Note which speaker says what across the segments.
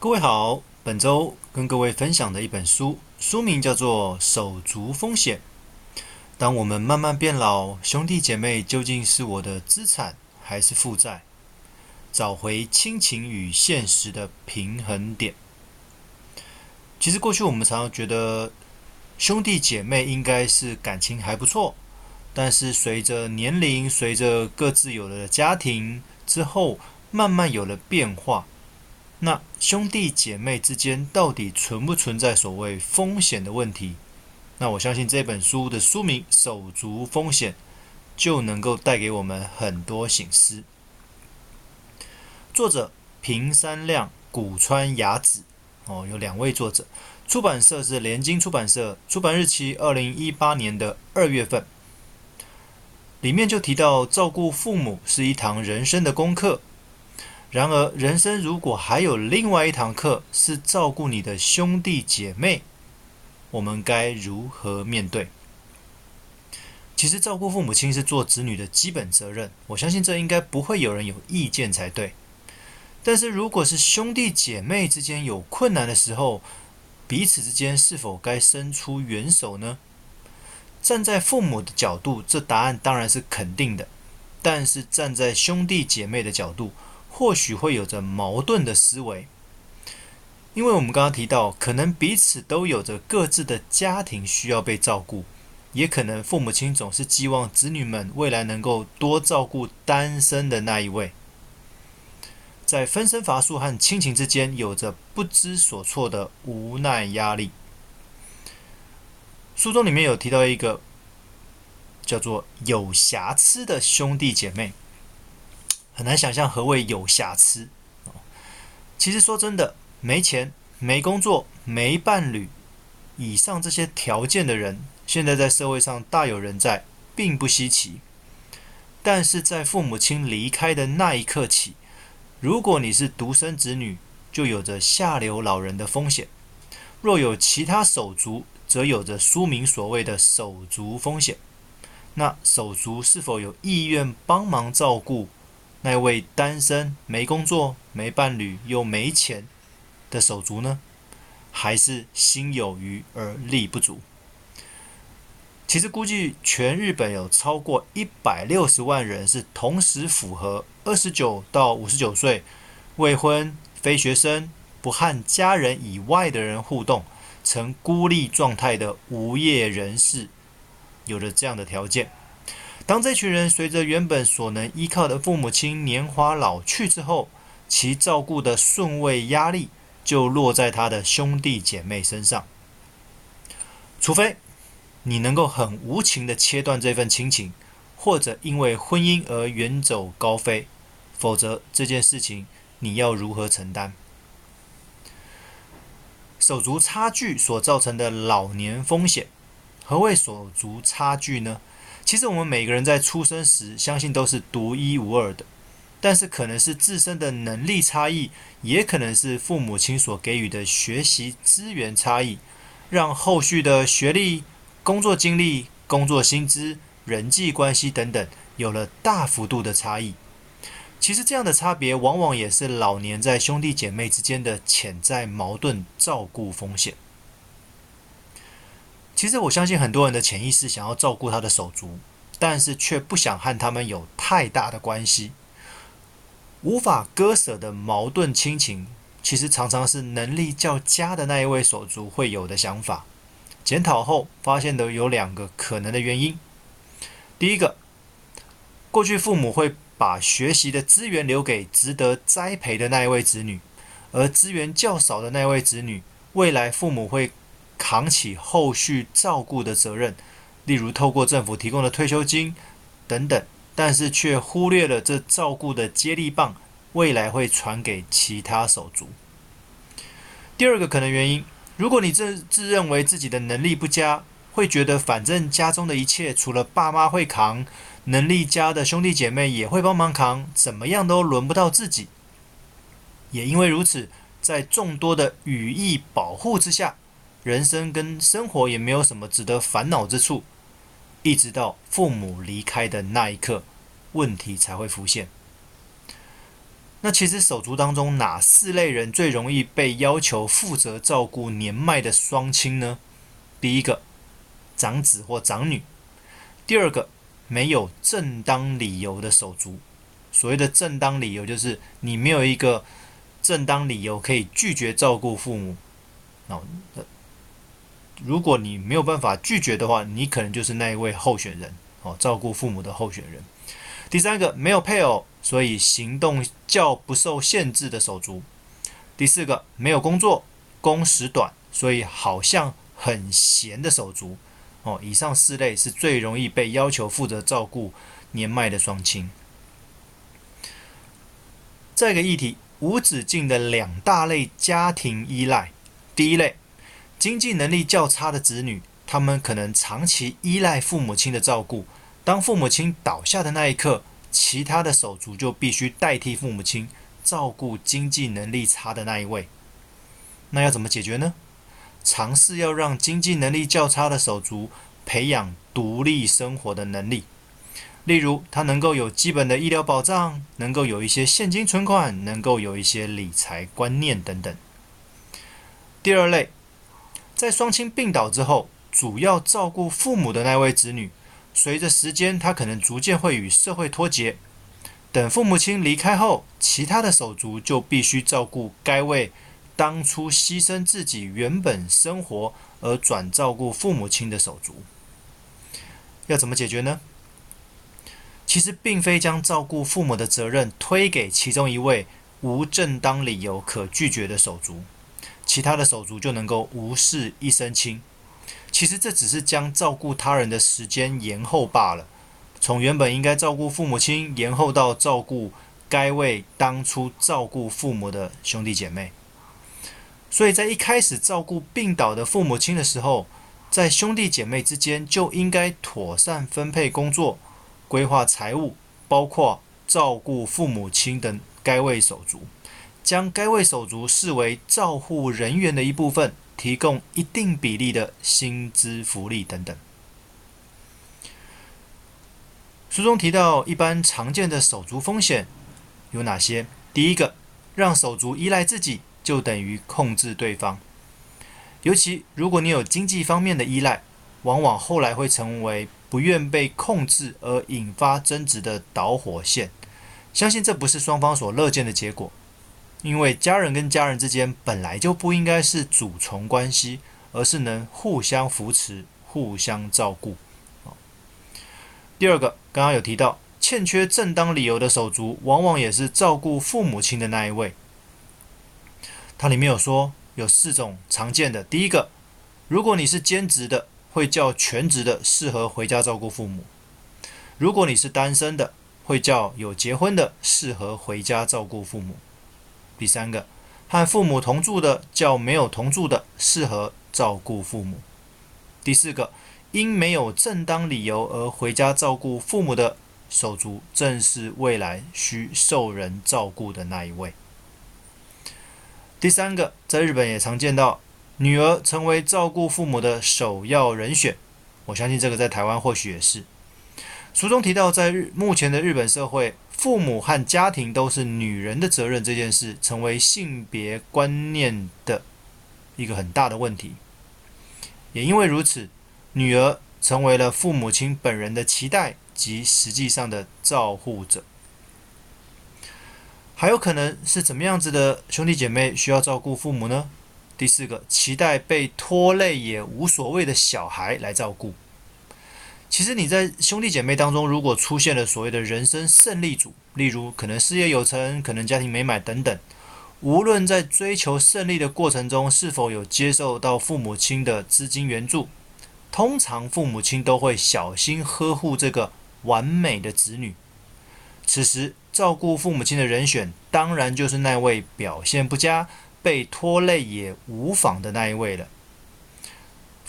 Speaker 1: 各位好，本週跟各位分享的一本書，書名叫做《手足風險》。當我們慢慢變老，兄弟姐妹究竟是我的資產還是負債？找回親情與現實的平衡點。其實過去我們常常覺得兄弟姐妹應該是感情還不錯，但是隨着年齡，隨着各自有了家庭之後，慢慢有了變化。那兄弟姐妹之間到底存不存在所謂風險的問題？那我相信這本書的書名《手足風險》就能夠帶給我們很多省思。作者平山亮、古川雅子，哦，有兩位作者。出版社是聯經出版社，出版日期二零一八年的二月份。裡面就提到，照顧父母是一堂人生的功課。然而，人生如果還有另外一堂課是照顧你的兄弟姐妹，我們該如何面對？其實，照顧父母親是做子女的基本責任，我相信這應該不會有人有意見才對。但是，如果是兄弟姐妹之間有困難的時候，彼此之間是否該伸出援手呢？站在父母的角度，這答案當然是肯定的。但是，站在兄弟姐妹的角度，或許會有着矛盾的思維，因為我們剛剛提到，可能彼此都有着各自的家庭需要被照顧，也可能父母親總是寄望子女們未來能夠多照顧單身的那一位，在分身乏術和親情之間，有着不知所措的無奈壓力。書中裡面有提到一個叫做“有瑕疵的兄弟姐妹”。很難想象何謂有瑕疵。其實說真的，沒錢、沒工作、沒伴侶，以上這些條件的人，現在在社會上大有人在，並不稀奇。但是在父母親離開的那一刻起，如果你是獨生子女，就有着下流老人的風險；若有其他手足，則有着書名所謂的手足風險。那手足是否有意願幫忙照顧？那位單身、沒工作、沒伴侶又沒錢的手足呢？還是心有餘而力不足？其實估計全日本有超過一百六十萬人是同時符合二十九到五十九歲、未婚、非學生、不和家人以外的人互動、呈孤立狀態的無業人士，有着這樣的條件。當這群人隨着原本所能依靠的父母親年華老去之後，其照顧的順位壓力就落在他的兄弟姐妹身上。除非你能夠很無情地切斷這份親情，或者因為婚姻而遠走高飛，否則這件事情你要如何承擔？手足差距所造成的老年風險，何謂手足差距呢？其實我們每個人在出生時，相信都是獨一無二的，但是可能是自身的能力差異，也可能是父母親所給予的學習資源差異，讓後續的學歷、工作經歷、工作薪資、人際關係等等有了大幅度的差異。其實這樣的差別，往往也是老年在兄弟姐妹之間的潛在矛盾、照顧風險。其實我相信很多人的潛意識想要照顧他的手足，但是卻不想和他們有太大的關係，無法割捨的矛盾親情，其實常常是能力較佳的那一位手足會有的想法。檢討後發現的有兩個可能的原因：第一個，過去父母會把學習的資源留給值得栽培的那一位子女，而資源較少的那一位子女，未來父母會扛起後續照顧的責任，例如透過政府提供的退休金等等，但是卻忽略了這照顧的接力棒未來會傳給其他手足。第二個可能原因，如果你自自認為自己的能力不佳，會覺得反正家中的一切除了爸媽會扛，能力佳的兄弟姐妹也會幫忙扛，怎麼樣都輪不到自己。也因為如此，在眾多的羽翼保護之下。人生跟生活也沒有什麼值得煩惱之處，一直到父母離開的那一刻，問題才會浮現。那其實手足當中哪四類人最容易被要求負責照顧年邁的雙親呢？第一個，長子或長女；第二個，沒有正當理由的手足。所謂的正當理由，就是你沒有一個正當理由可以拒絕照顧父母。哦如果你沒有辦法拒絕的話，你可能就是那一位候選人哦，照顧父母的候選人。第三個，沒有配偶，所以行動較不受限制的手足。第四個，沒有工作，工時短，所以好像很閒的手足哦。以上四類是最容易被要求負責照顧年邁的雙親。再一個議題，無止境的兩大類家庭依賴。第一類。經濟能力較差的子女，他們可能長期依賴父母親的照顧。當父母親倒下的那一刻，其他的手足就必須代替父母親照顧經濟能力差的那一位。那要怎麼解決呢？嘗試要讓經濟能力較差的手足培養獨立生活的能力，例如他能夠有基本的醫療保障，能夠有一些現金存款，能夠有一些理財觀念等等。第二類。在雙親病倒之後，主要照顧父母的那位子女，隨着時間，他可能逐漸會與社會脫節。等父母親離開後，其他的手足就必須照顧該位當初犧牲自己原本生活而轉照顧父母親的手足。要怎麼解決呢？其實並非將照顧父母的責任推給其中一位無正當理由可拒絕的手足。其他的手足就能夠無事一身輕，其實這只是將照顧他人的時間延後罷了，從原本應該照顧父母親延後到照顧該位當初照顧父母的兄弟姐妹，所以在一開始照顧病倒的父母親的時候，在兄弟姐妹之間就應該妥善分配工作、規劃財務，包括照顧父母親的該位手足。將該位手足視為照護人員的一部分，提供一定比例的薪資福利等等。書中提到，一般常見的手足風險有哪些？第一個，讓手足依賴自己，就等於控制對方。尤其如果你有經濟方面的依賴，往往後來會成為不願被控制而引發爭執的導火線。相信這不是雙方所樂見的結果。因為家人跟家人之間本來就不應該是主從關係，而是能互相扶持、互相照顧。第二個，剛剛有提到，欠缺正當理由的手足，往往也是照顧父母親的那一位。它裡面有說，有四種常見的。第一個，如果你是兼職的，會叫全職的適合回家照顧父母；如果你是單身的，會叫有結婚的適合回家照顧父母。第三個，和父母同住的較沒有同住的，適合照顧父母。第四個，因沒有正當理由而回家照顧父母的手足，正是未來需受人照顧的那一位。第三個，在日本也常見到女兒成為照顧父母的首要人選，我相信這個在台灣或許也是。書中提到，在日目前的日本社會。父母和家庭都是女人的責任這件事，成為性別觀念的一個很大的問題。也因為如此，女兒成為了父母親本人的期待及實際上的照護者。還有可能是怎麼樣子的兄弟姐妹需要照顧父母呢？第四個，期待被拖累也無所謂的小孩來照顧。其實你在兄弟姐妹當中，如果出現了所謂的人生勝利組，例如可能事業有成、可能家庭美滿等等，無論在追求勝利的過程中是否有接受到父母親的資金援助，通常父母親都會小心呵護這個完美的子女。此時照顧父母親的人選，當然就是那位表現不佳、被拖累也無妨的那一位了。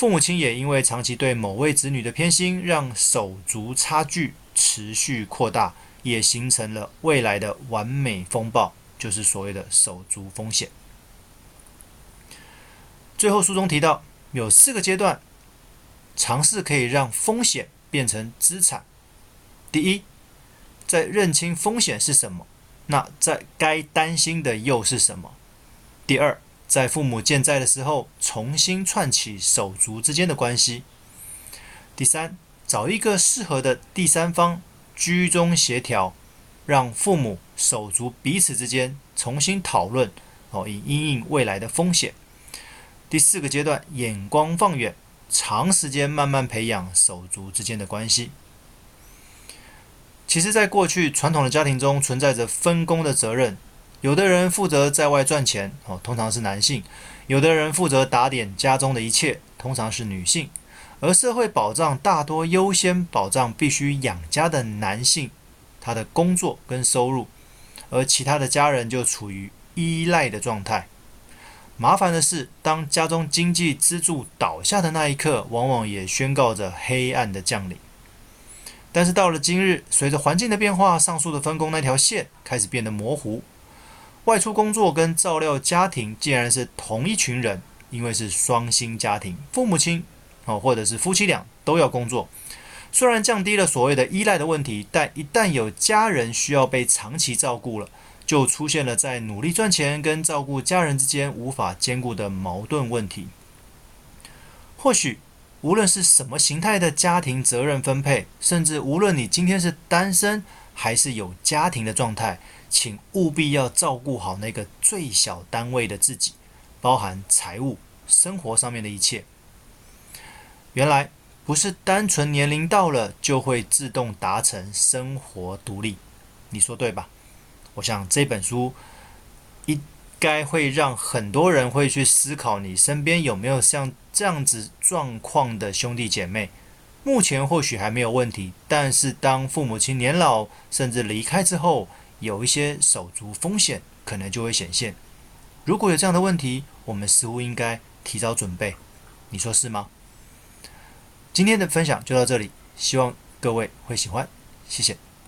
Speaker 1: 父母親也因為長期對某位子女的偏心，讓手足差距持續擴大，也形成了未來的完美風暴，就是所謂的手足風險。最後，書中提到有四個階段，嘗試可以讓風險變成資產。第一，在認清風險是什麼？那在該擔心的又是什麼？第二，在父母健在的時候，重新串起手足之間的關係。第三，找一個適合的第三方居中協調，讓父母手足彼此之間重新討論，哦，以因應未來的風險。第四個階段，眼光放遠，長時間慢慢培養手足之間的關係。其實，在過去傳統的家庭中，存在着分工的責任。有的人負責在外賺錢哦，通常是男性；有的人負責打點家中的一切，通常是女性。而社會保障大多優先保障必須養家的男性，他的工作跟收入，而其他的家人就處於依賴的狀態。麻煩的是，當家中經濟支柱倒下的那一刻，往往也宣告着黑暗的降臨。但是到了今日，隨着環境的變化，上述的分工那條線開始變得模糊。外出工作跟照料家庭，竟然是同一群人，因為是雙薪家庭，父母親哦，或者是夫妻倆都要工作。雖然降低了所謂的依賴的問題，但一旦有家人需要被長期照顧了，就出現了在努力賺錢跟照顧家人之間無法兼顧的矛盾問題。或許無論是什麼形態的家庭責任分配，甚至無論你今天是單身還是有家庭的狀態，請務必要照顧好那個最小單位的自己，包含財務、生活上面的一切。原來不是單純年齡到了就會自動達成生活獨立，你說對吧？我想這本書應該會讓很多人會去思考，你身邊有沒有像這樣子狀況的兄弟姐妹？目前或許還沒有問題，但是當父母親年老甚至離開之後，有一些手足風險可能就會顯現。如果有這樣的問題，我們似乎應該提早準備。你說是嗎？今天的分享就到這裡，希望各位會喜歡。謝謝。